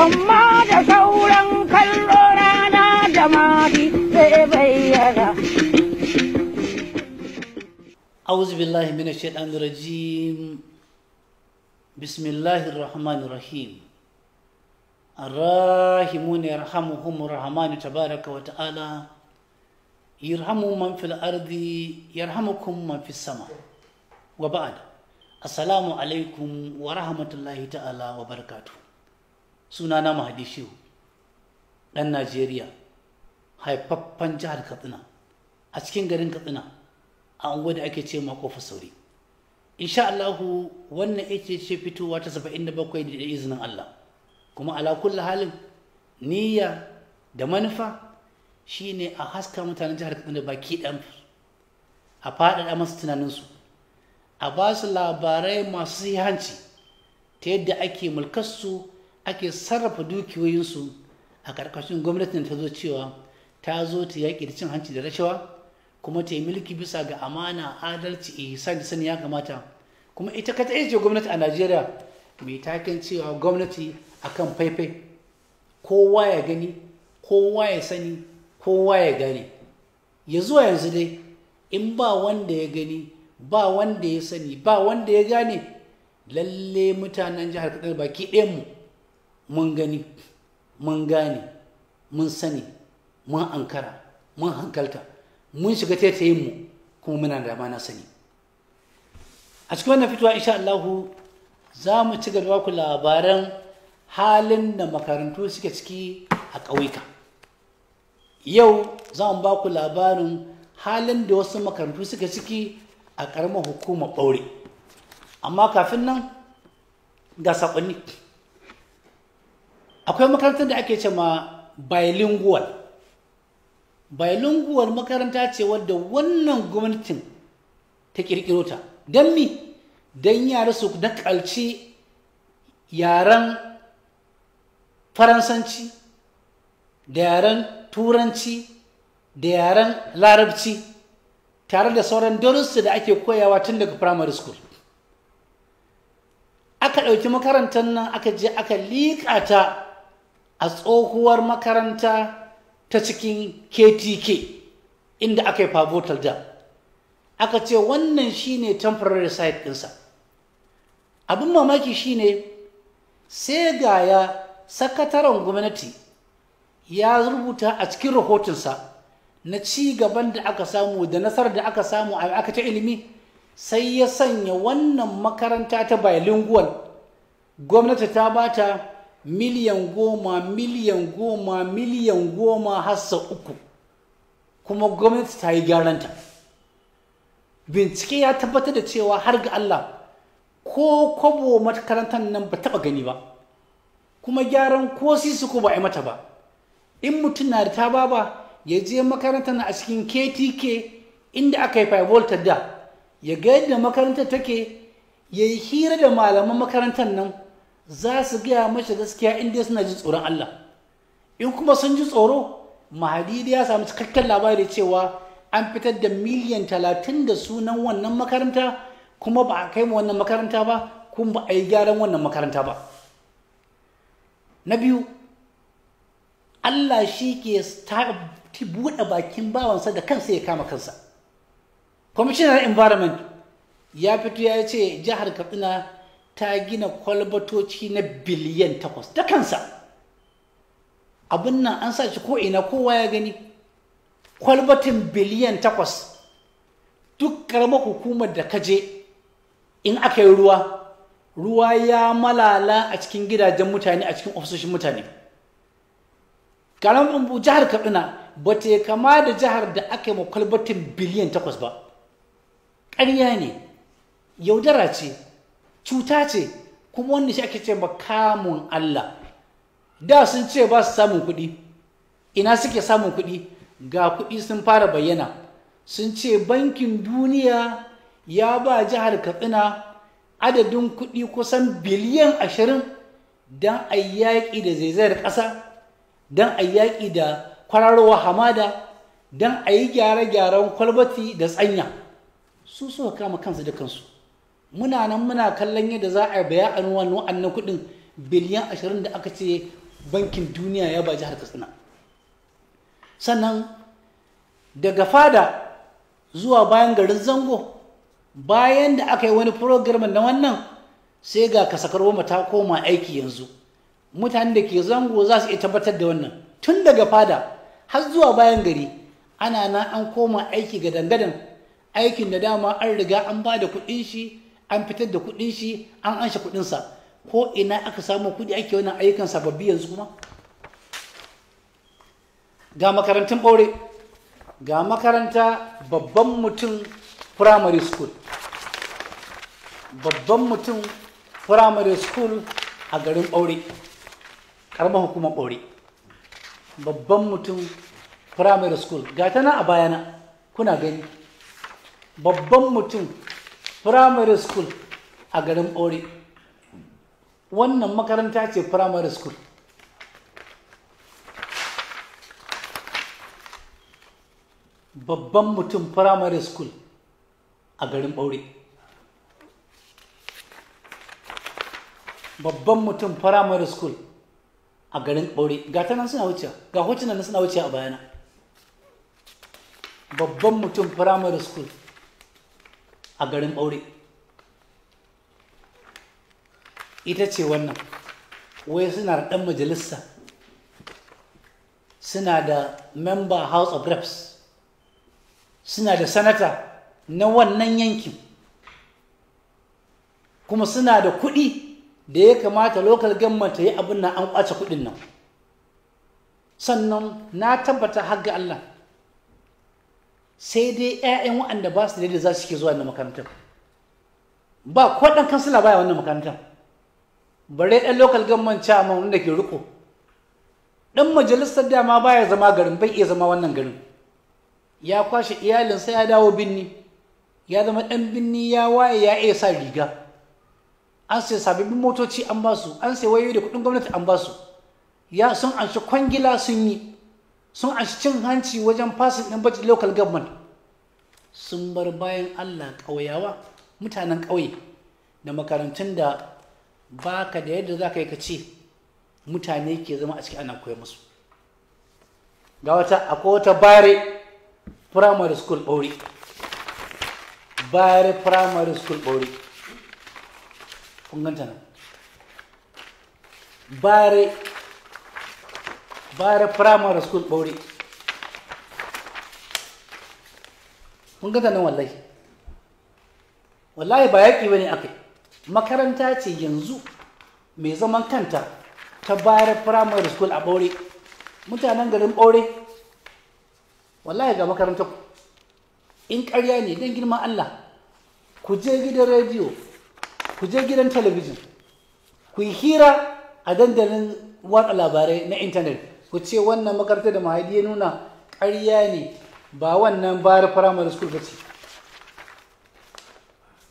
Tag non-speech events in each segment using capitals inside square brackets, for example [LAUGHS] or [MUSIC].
amma da sauran kallo rana da mari zai bayyana. أعوذ بالله من الشيطان الرجيم بسم الله الرحمن الرحيم الراحمون يرحمهم الرحمن تبارك وتعالى يرحم من في الأرض يرحمكم من في السماء وبعد السلام عليكم ورحمة الله تعالى وبركاته suna na mahadi ɗan najeriya haifaffen jihar katsina a cikin garin katsina a unguwa da ake ce makofa sauri insha allahu wannan ita ce fitowa ta 77 da izinin allah kuma ala kulli halin niyya da manufa shine a haska mutanen jihar katsina baki ɗan a faɗaɗa masu tunaninsu a ba su labarai masu sihanci ta yadda ake mulkarsu ake sarrafa dukiyoyinsu a ƙarƙashin gwamnatin ta zo cewa ta zo ta yaƙi da cin hanci da rashawa kuma ta yi mulki bisa ga amana adalci ihsan eh, da sani ya kamata kuma ita kata ita ce gwamnati a najeriya mai taken cewa gwamnati a kan faifai kowa ya gani kowa ya sani kowa ya gane ya zuwa yanzu dai in ba wanda ya gani ba wanda ya sani ba wanda ya gane lalle mutanen jihar kadar baki ɗayan mu mun gani mun gane mun sani mun ankara mun hankalta mun shiga taitayin mu kuma muna da na sani a cikin wannan fitowa insha Allahu za mu ci gaba ku labaran halin da makarantu suke ciki a ƙauyuka yau za mu ba ku labarin halin da wasu makarantu suke ciki a ƙaramar hukumar ɓaure amma kafin nan ga saƙonni akwai makarantar da ake ce ma bilingual bilingual makaranta ce wadda wannan gwamnatin ta kirkiro ta don mi don yara su nakalci yaren faransanci da yaren turanci da yaren larabci tare da sauran dorinsu da ake koyawa tun daga primary school aka ɗauki makarantar nan aka je aka liƙa ta a tsohuwar makaranta ta cikin ktk inda aka yi pavotal da, aka ce wannan shine temporary site ɗinsa abin mamaki shine sai ga ya sakataren gwamnati ya rubuta a cikin rahotonsa na ci gaban da aka samu da nasarar da aka samu a aka ta ilimi sai ya sanya wannan makaranta ta bilingual gwamnati ta bata miliyan goma miliyan goma miliyan goma hassa uku kuma gwamnati ta yi gyaranta bincike ya tabbatar da cewa har ga Allah ko kwabo makarantar nan ba taɓa gani ba kuma gyaran ko sisi ko ba a mata ba in mutum na da ta baba ya je makarantar a cikin ktk inda aka yi five da ya ga yadda makarantar take ya yi hira da malaman makarantar nan za su gaya mashi gaskiya in dai suna jin tsoron Allah in kuma sun ji tsoro mahadidi ya samu cikakken labari cewa an fitar da miliyan talatin da sunan wannan makaranta kuma ba a kai mu wannan makaranta ba kuma ba a yi gyaran wannan makaranta ba na biyu Allah shi ke buɗe bakin bawansa da kansa ya kama kansa kwamishinan environment ya fito ya ce jihar katsina ta gina kwalbatoci na biliyan takwas da kansa abin nan an sa shi ko ina kowa ya gani kwalbatin biliyan takwas duk karamar hukumar da ka je in aka yi ruwa ruwa ya malala a cikin gidajen mutane a cikin ofisoshin mutane karamar jihar kaduna ba ta kama da jihar da aka yi kwalbatin biliyan takwas ba ƙarya ne yaudara ce cuta ce kuma wanda shi ake ce kamun Allah da sun ce ba su samun kuɗi ina suke samun kuɗi ga kuɗi sun fara bayyana sun ce bankin duniya ya ba jihar katsina adadin kuɗi kusan biliyan ashirin don a yaƙi da zaizayar ƙasa don a yaƙi da kwararowa hamada don a yi gyare-gyaren kwalbati da tsanya su suka kama kansu da kansu muna nan muna kallon yadda za a baya an wannan kuɗin biliyan ashirin da aka ce bankin duniya ya baji harka katsina sannan daga fada zuwa bayan garin zango bayan da aka yi wani program na wannan sai ga kasakarwa ta koma aiki yanzu mutane da ke zango za su iya tabbatar da wannan tun daga fada har zuwa bayan gari ana na an koma aiki ga dangadan aikin da dama an riga an ba da kuɗin shi an fitar da kuɗin shi an anshe kuɗinsa ko ina aka samu kuɗi ake wannan ayyukan sababbi yanzu kuma ga makarantun ɓaure ga makaranta babban mutum primary school babban mutum primary school a garin ɓaure ƙaramar hukumar ɓaure babban mutum primary school ga tana a bayana kuna gani babban mutum primary school a garin ori wannan makaranta ce primary school babban mutum primary school a garin ori babban mutum primary school a garin ɓaure ga ta nan suna wuce ga hotunan suna wuce a bayana babban mutum primary school a garin ɓaure ita ce wannan wai suna da ɗan majalisa suna da member house of reps suna da sanata na wannan yankin kuma suna da kuɗi da ya kamata local government ta yi abin nan an ƙwace kuɗin nan sannan na tabbata har ga Allah sai dai 'ya'yan waɗanda ba su da za su ke zuwa na makarantar ba ko ɗan kansila baya wannan makarantar bare ɗan local government chairman wanda ke riko ɗan majalisar dama baya zama garin bai iya zama wannan garin ya kwashe iyalinsa ya dawo binni ya zama ɗan binni ya waye ya iya sa riga an sai sababbin motoci an ba su an sai wayoyi da kuɗin gwamnati an ba su ya sun anshi kwangila sun yi sun a cin hanci wajen fasin ɗin budget local government sun bar bayan allah ƙauyawa mutanen ƙauye da makarantun da ba ka da yadda za ka yi ka ce mutane ke zama a ciki ana koya musu ga wata akwai wata bare primary school ɓauri bare primary school ɓauri kun ganta nan bare Bayar primary school ɓaure mun gada nan wallahi wallahi ba yaƙi ba ne aka makaranta ce yanzu mai zaman kanta ta bayar primary school a ɓaure mutanen garin ɓaure wallahi ga makaranta in ƙarya ne don girman allah ku je gidan rediyo ku je gidan talabijin ku yi hira a dandalin watsa labarai na intanet ku ce wannan makarantar da mahaidi ya nuna ƙarya ne ba wannan bayar firamare school ba ce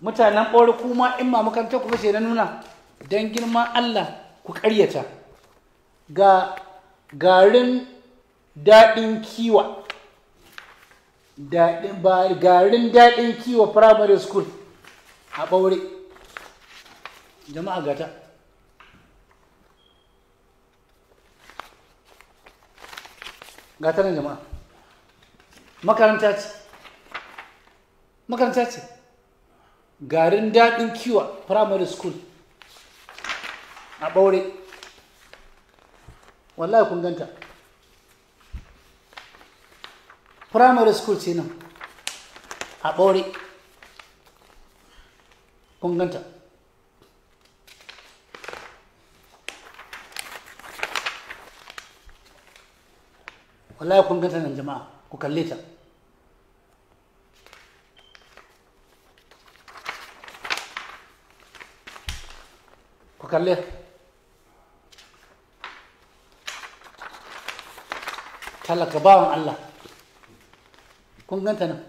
mutanen ɓori kuma in ma makarantar ku ce na nuna don girma allah ku ƙaryata ga garin daɗin kiwa garin daɗin kiwa firamare school a ɓaure jama'a gata ga ta nan jama'a makaranta ce makaranta ce garin daɗin kiwa primary school a ɓaure wallahi kun ganta primary school ce nan a ɓaure kun ganta wallahi kun ganta nan jama'a ku kalle ta ku kalle talaka bawan Allah kun ganta nan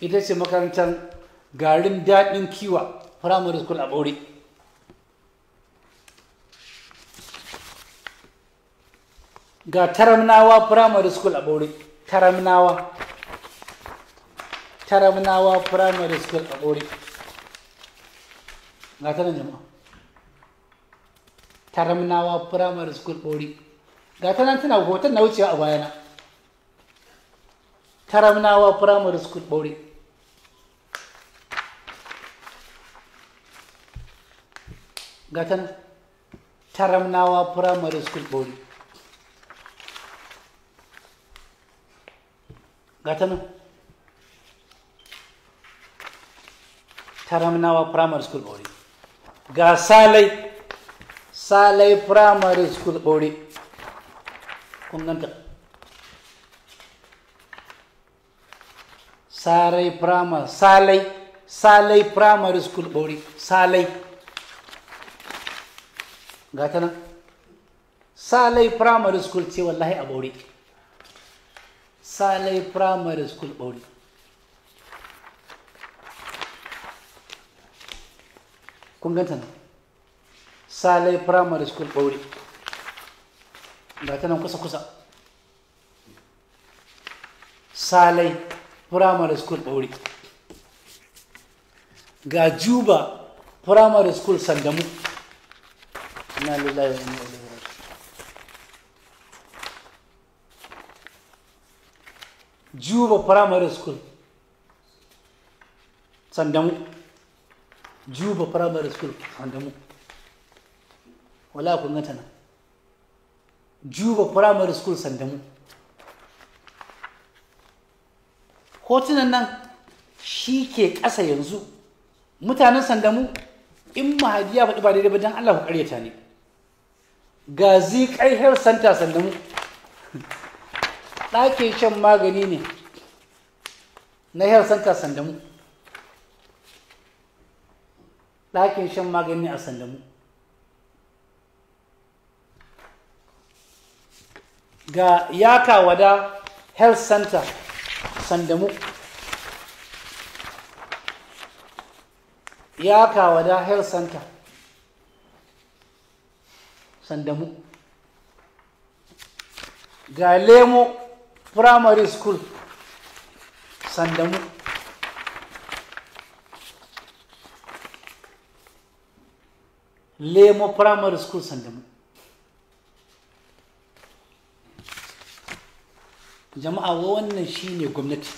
ita ce makarantar garin daɗin kiwa primary school a Bore. ga taramnawa primary school a ɓaure taramnawa taramnawa primary school a ɓaure ga ta jama'a taramnawa primary school ɓaure ga ta tana hoton na wucewa a bayana taramnawa primary school ga gatan taramnawa primary school bori gata nan taraminawa primary school ɓaure ga salai salai primary school ɓaure kun ganta salai primary salai salai primary school ɓaure salai gata nan salai primary school ce wallahi a bori. Salai Primary School Bauri. Kun ganta nan? Salai Primary School Bauri. Ga ta nan kusa-kusa. Salai Primary School Bauri. Ga Juba Primary School Sandamu. Na lillahi wa juba primary school sandamu juba primary school sandamu wala kun gata nan juba primary school sandamu hotunan nan shi ke ƙasa yanzu mutanen sandamu in mahadi ya faɗi ba daidai ba don Allah ku ƙaryata ne ga ziƙai health santa sandamu [LAUGHS] ɗakin shan magani ne na yau san ka sandamu ɗakin shan magani a sandamu ga yaka wada health center sandamu yaka wada health center sandamu ga lemo primary school sandamu lemo primary school sandamu jama'a wannan shine gwamnati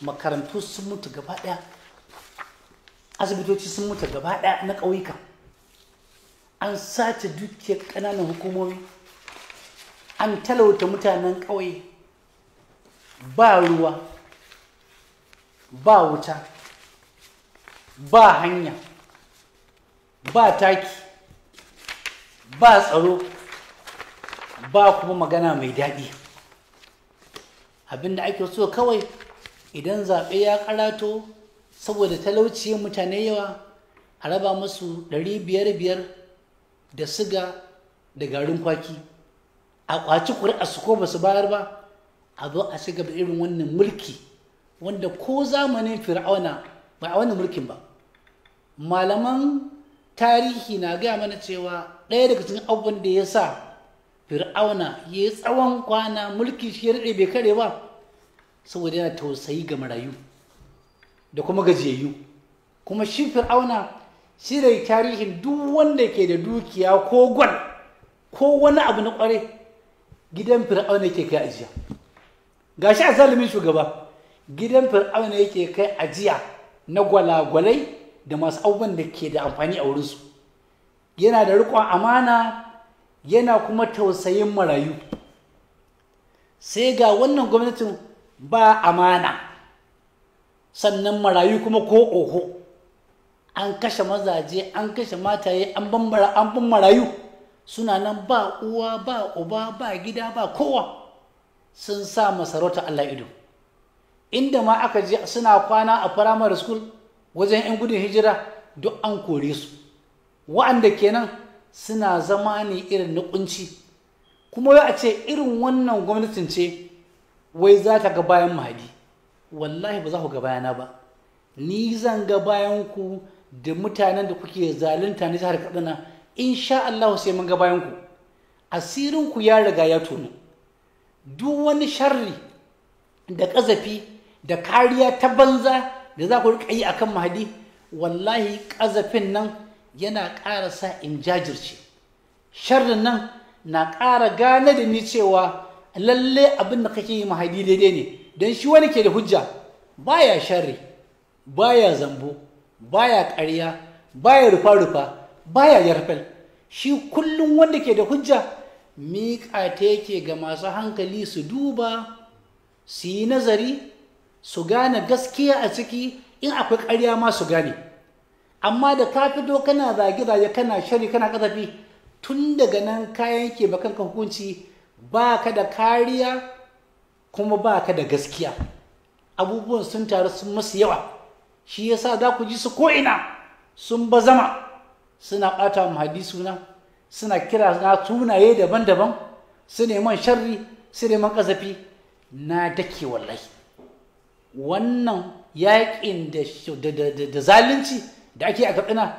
makarantu sun mutu gaba daya asibitoci sun mutu gaba daya na ƙauyuka an sace dukiyar ƙananan hukumomi an talauta mutanen ƙauye ba ruwa ba wuta ba hanya ba taki ba tsaro ba kuma magana mai daɗi abinda ake so kawai idan zaɓe ya ƙarato saboda talauci mutane yawa a raba musu ɗari biyar da siga da garin kwaki a ƙwaci su ko ba su bayar ba a zo a shiga da irin wannan mulki wanda ko zamanin fir'auna ba a wannan mulkin ba malaman tarihi na gaya mana cewa ɗaya daga cikin abubuwan da ya sa fir'auna ya yi tsawon kwana mulki shi ya daɗe bai kare ba saboda yana tausayi ga marayu da kuma gajiyayyu kuma shi fir'auna shi da tarihin duk wanda ke da dukiya ko gwal ko wani abu na kware. gidan fir'auna yake kai ajiya gashi a zalimin shugaba gidan fir'auna yake kai ajiya na gwalagwalai da masu abubuwan da ke da amfani a wurinsu yana da riƙon amana yana kuma tausayin marayu sai ga wannan gwamnatin ba amana sannan marayu kuma ko oho an kashe mazaje an kashe mataye an ban marayu suna nan ba uwa ba uba ba gida ba kowa sun sa masarauta Allah ido inda ma aka je suna kwana a firamare school wajen 'yan gudun hijira duk an kore su wa'anda kenan suna zama ne irin na kunci kuma ya a ce irin wannan gwamnatin ce wai za ta ga bayan mahadi wallahi ba za ku ga bayana ba ni zan ga bayan ku da mutanen da kuke zalunta ne jihar kaduna In sha Allah sai mun ga bayan ku asirin ku ya riga ya tono duk wani sharri da ƙazafi da kariya ta banza da za ku riƙa yi akan mahadi wallahi ƙazafin nan yana ƙara sa in jajirce sharrin nan na ƙara gane da ni cewa lalle abin da kake yi mahadi daidai ne don shi wani ke da hujja baya sharri baya zambo baya ƙarya baya rufa-rufa baya yarfal shi kullum wanda ke da hujja miƙa ta yake ga masu hankali su duba su yi nazari su gane gaskiya a ciki in akwai ƙarya ma su gane amma da ka fito kana zage-zage kana shari kana ƙazafi tun daga nan kayan ke bakan ka hukunci ba ka da kariya kuma ba ka da gaskiya abubuwan sun taru sun masu yawa shi yasa za ku ji su ko'ina sun ba zama. suna ɓata mu hadisi suna suna kira na sunaye daban-daban su neman sharri su neman ƙazafi na dake wallahi wannan yaƙin da zalunci da ake a kaɗina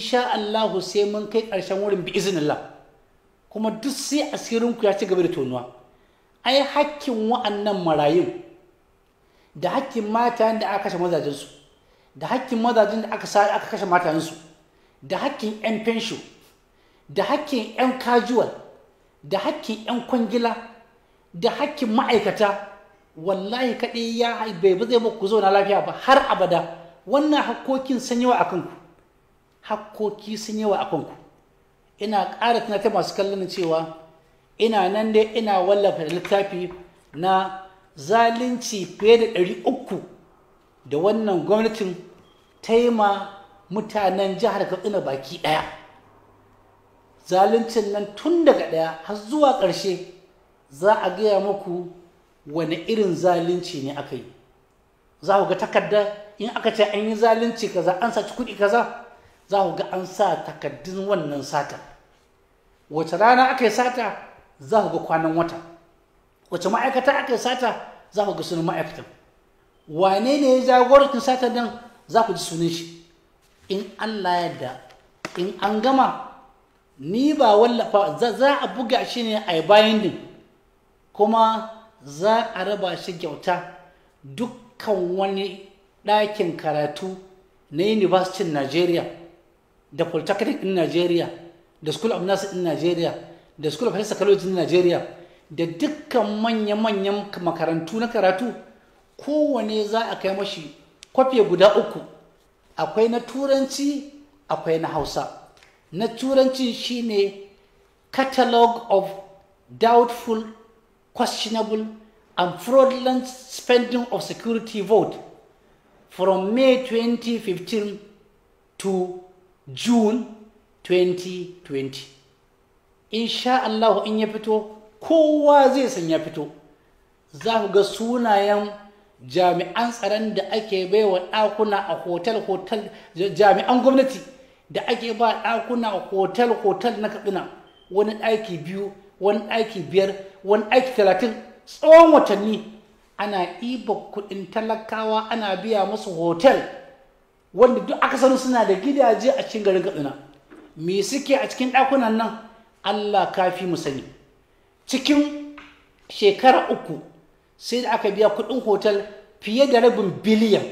sha Allahu sai mun kai ƙarshen wurin bi izinillah kuma duk sai asirinku ya ci gaba da tonuwa ai hakkin wa'annan marayun da hakkin mata da aka kashe mazajensu da hakkin mazajen da aka kashe matayensu da hakkin 'yan fensho da hakkin 'yan kajuwal da hakkin 'yan kwangila da hakkin ma'aikata wallahi kaɗai ya bai ba zai zo na lafiya ba har abada wannan hakkokin sun yawa a kanku hakkoki sun yawa a kanku ina ƙara tunatar masu kallon cewa ina nan dai ina wallafa littafi na zalunci fiye da ɗari uku da wannan gwamnatin taima mutanen jihar katsina baki ɗaya zaluncin nan tun daga ɗaya har zuwa ƙarshe za a gaya muku wani irin zalunci ne aka yi za ku ga takarda in aka ce an yi zalunci kaza an saci kuɗi kaza za ku ga an sa takardun wannan sata wace rana aka yi sata za ku ga kwanan wata wace ma'aikata aka yi sata za ku ga sunan ma'aikatan wane ne ya jagorancin sata nan za ku ji sunan shi in Allah ya in an gama ni ba wallafa za a buga shi ne a bayan din kuma za a raba shi kyauta dukkan wani ɗakin karatu na university Najeriya da polytechnic in Najeriya da school of nursing in Najeriya da school of health psychology in Najeriya da dukkan manya-manyan makarantu na karatu kowane za a kai mashi kwafe guda uku akwai na turanci akwai na hausa na turanci shine catalog of doubtful questionable and fraudulent spending of security vote from may 2015 to june 2020 insha allahu in ya fito kowa zai san ya fito za ku ga sunayen jami'an tsaron da ake baiwa ɗakuna a hotel-hotel jami'an gwamnati da ake ba ɗakuna a hotel-hotel na kaduna wani ɗaki biyu wani ɗaki biyar wani ɗaki talatin tsawon watanni ana iba kuɗin talakawa ana biya musu hotel wanda duk aka sanu suna da gidaje a cikin garin kaduna. me suke a cikin ɗakunan nan allah kafi mu sani cikin shekara uku sai da aka biya kuɗin hotel fiye da rabin biliyan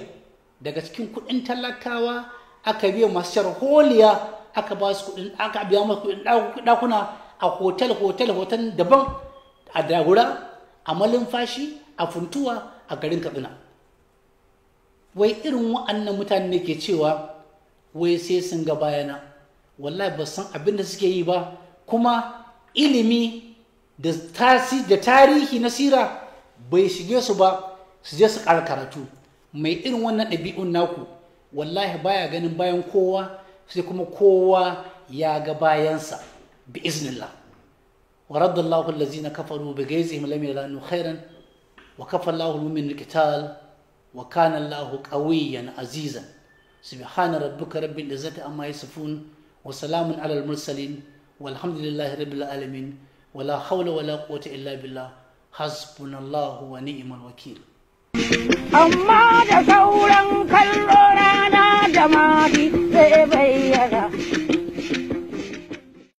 daga cikin kuɗin talakawa aka biya masu sharholiya aka ba su kudin aka biya masu kuɗin ɗakuna a hotel hotel hotel daban a dagura a fashi, a funtuwa a garin kaduna. wai irin wa'annan mutane ne ke cewa wai sai sun ga bayana wallahi ba san abin da suke yi ba kuma ilimi da tarihi na sira bai shige su ba su je su ƙara karatu mai irin wannan ɗabi'un naku wallahi baya ganin bayan kowa sai kuma kowa ya ga bayansa bi iznillah wa raddallahu allazina kafaru bi ghaizihim lam yalanu khairan wa kafa Allahu min qital wa kana Allahu qawiyyan azizan subhana rabbika rabbil izzati amma yasifun wa salamun alal mursalin walhamdulillahi rabbil alamin wala haula wala quwwata illa billah hasbunallahu wa ni'mal wakil amma da sauran kallo rana da mafi zai bayyana